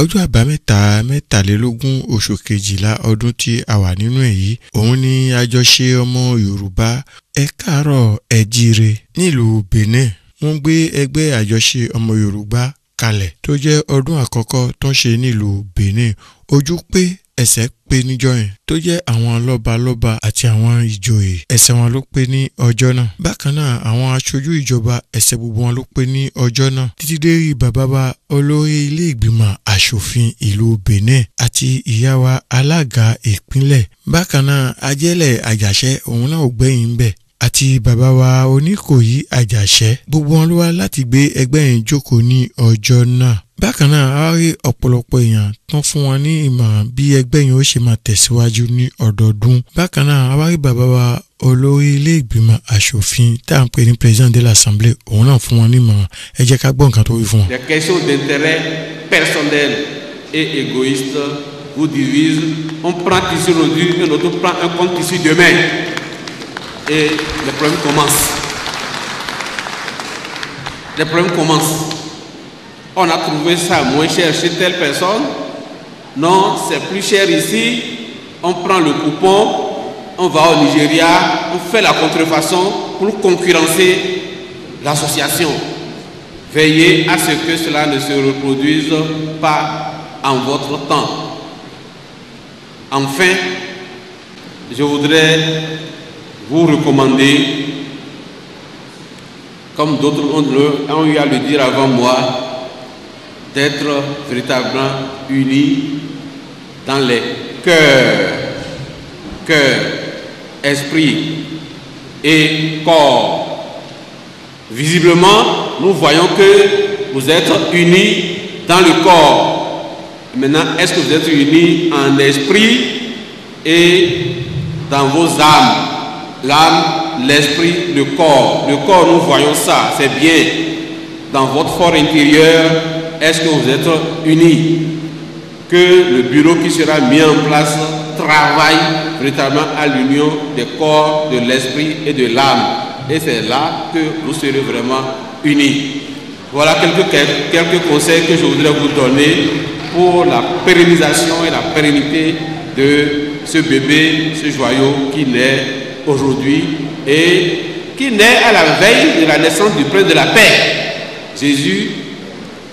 ọjọ́ àbámẹ́ta mẹ́tàlélógún oṣù kejìlá ọdún tí a wà nínú ẹ̀ yìí òun ni àjọṣe ọmọ yorùbá ẹ káàárọ̀ ẹ jíire nílùú benin wọ́n gbé ẹgbẹ́ àjọṣe ọmọ yorùbá kalẹ̀ tó jẹ́ ọdún àkọ́kọ́ tó ń ṣe nílùú benin ojú pé ẹsẹ̀ pé níjọ́ yẹn tó jẹ́ àwọn lọ́balọ́ba àti àwọn ìjòyè ẹsẹ̀ wọn ló pé ní ọjọ́ náà bákan náà àwọn aṣojú ìjọba ẹsẹ̀ gbogbo wọn ló pé ní ọjọ́ náà títí dé rí bàbá olórí ilé ìgbìmọ̀ aṣòfin ìlú Benin àti ìyá wa alága ìpínlẹ̀ bákan náà ajẹ́lẹ̀ àjàṣẹ́ òun náà ò gbẹ̀yìn ń bẹ̀ àti bàbá wa oníkòyí àjàṣẹ́ gbogbo wọn ló wá láti gbé ẹgbẹ́ yẹn jókòó ní ọjọ́ náà bákan náà a rí ọ̀pọ̀lọpọ̀ èèyàn tó ń fún wọn ní ìmọ̀ràn bí ẹgbẹ́ yẹn ó ṣe máa tẹ̀síwájú ní ọdọọdún bákan náà a wá rí bàbá wa olórí ilé ìgbìmọ̀ asòfin tá à ń pè ní président de l'assemblée òun náà fún wọn ní ìmọ̀ràn ẹ jẹ́ ká gbọ́ nǹkan tó wí fún wọn. les questions d'intérêt personnel et égoïste vous divisent on prend ici aujourd'hui un autre prend un compte ici demain et les problèmes commencent les problèmes commencent on a trouvé ça moins cher chez telle personne. Non, c'est plus cher ici. On prend le coupon, on va au Nigeria, on fait la contrefaçon pour concurrencer l'association. Veillez à ce que cela ne se reproduise pas en votre temps. Enfin, je voudrais vous recommander, comme d'autres ont eu à le dire avant moi, d'être véritablement unis dans les cœurs, cœur, esprit et corps. Visiblement, nous voyons que vous êtes unis dans le corps. Maintenant, est-ce que vous êtes unis en esprit et dans vos âmes L'âme, l'esprit, le corps. Le corps, nous voyons ça, c'est bien. Dans votre fort intérieur, est-ce que vous êtes unis Que le bureau qui sera mis en place travaille véritablement à l'union des corps, de l'esprit et de l'âme. Et c'est là que vous serez vraiment unis. Voilà quelques, quelques conseils que je voudrais vous donner pour la pérennisation et la pérennité de ce bébé, ce joyau qui naît aujourd'hui et qui naît à la veille de la naissance du prince de la paix. Jésus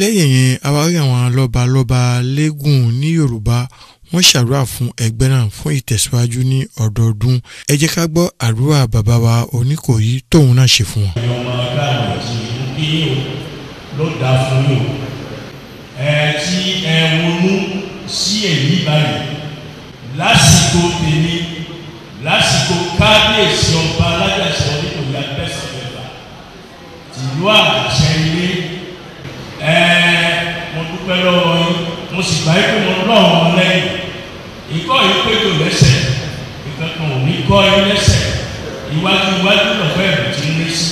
lẹ́yìn yẹn àwárí àwọn lọ́balọ́ba lẹ́gùn ní yorùbá wọ́n ṣàdúrà fún ẹgbẹ́ náà fún ìtẹ̀síwájú ní ọdọọdún ẹ jẹ́ ká gbọ́ àdúrà bàbá wa oníkòyí tóun náà ṣe fún wọn. ọmọ káàdì tí kí yóò ló dáa fún yóò ẹ tí ẹ wọnú sí èyí báyìí lásìkò tèmi lásìkò kábíyèsí ọba alájàsọ nítorí abẹ́sẹ̀ mẹ́fà tìlú àgbàsọ. mo sì gbà pé mo rán wọn lẹ́yìn ìkọ́ yìí péjọ lẹ́sẹ̀ ìkankan ò kọ́ ẹ lẹ́sẹ̀ iwájú iwájú lọ́fẹ́ rẹ̀ ti ní sí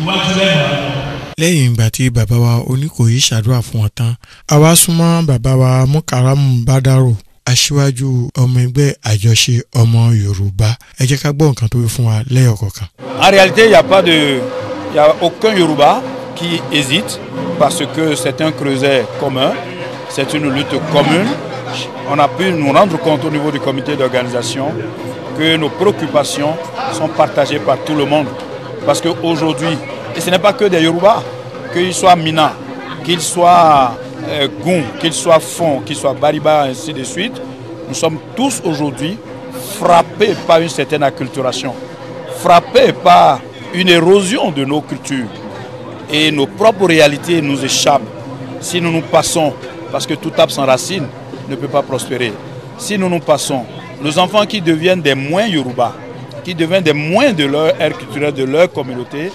iwájú lẹ́nu àwọn. lẹ́yìn ìgbà tí bàbá wa oníkòyí ṣàdúrà fún wọn tán àwa súnmọ́ bàbá wa mukaramu badaro aṣíwájú ọmọ ẹgbẹ́ àjọṣe ọmọ yorùbá ẹ jẹ́ ká gbọ́ nǹkan tó wí fún wa lẹ́yọ̀kọ̀ọ̀kan. en réalité il y a pas de il y a aucun yorùbá qui hésite parce que c'est un creuset commun C'est une lutte commune. On a pu nous rendre compte au niveau du comité d'organisation que nos préoccupations sont partagées par tout le monde. Parce qu'aujourd'hui, et ce n'est pas que des Yoruba, qu'ils soient Mina, qu'ils soient euh, qu'ils soient Fon, qu'ils soient Bariba, ainsi de suite, nous sommes tous aujourd'hui frappés par une certaine acculturation, frappés par une érosion de nos cultures. Et nos propres réalités nous échappent si nous nous passons parce que tout arbre sans racine ne peut pas prospérer. Si nous nous passons, nos enfants qui deviennent des moins Yoruba, qui deviennent des moins de leur air culturel, de leur communauté,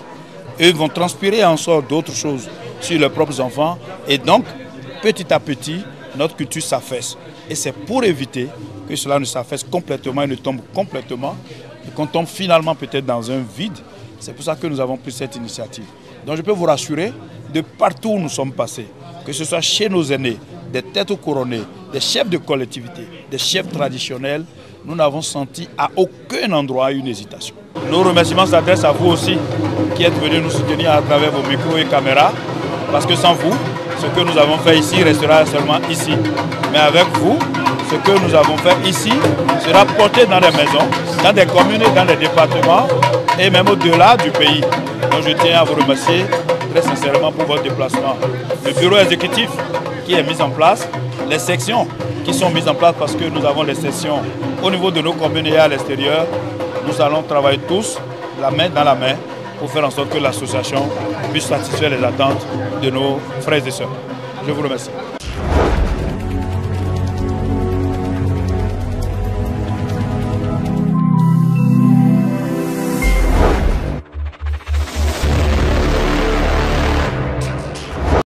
eux vont transpirer en sorte d'autres choses sur leurs propres enfants. Et donc, petit à petit, notre culture s'affaisse. Et c'est pour éviter que cela ne s'affaisse complètement et ne tombe complètement, et qu'on tombe finalement peut-être dans un vide. C'est pour ça que nous avons pris cette initiative. Donc je peux vous rassurer, de partout où nous sommes passés, que ce soit chez nos aînés, des têtes couronnées, des chefs de collectivité, des chefs traditionnels, nous n'avons senti à aucun endroit une hésitation. Nos remerciements s'adressent à vous aussi qui êtes venus nous soutenir à travers vos micros et caméras, parce que sans vous, ce que nous avons fait ici restera seulement ici. Mais avec vous, ce que nous avons fait ici sera porté dans les maisons, dans des communes, dans les départements et même au-delà du pays. Donc je tiens à vous remercier très sincèrement pour votre déplacement. Le bureau exécutif qui est mis en place, les sections qui sont mises en place parce que nous avons les sections au niveau de nos communes à l'extérieur. Nous allons travailler tous la main dans la main pour faire en sorte que l'association puisse satisfaire les attentes de nos frères et soeurs. Je vous remercie.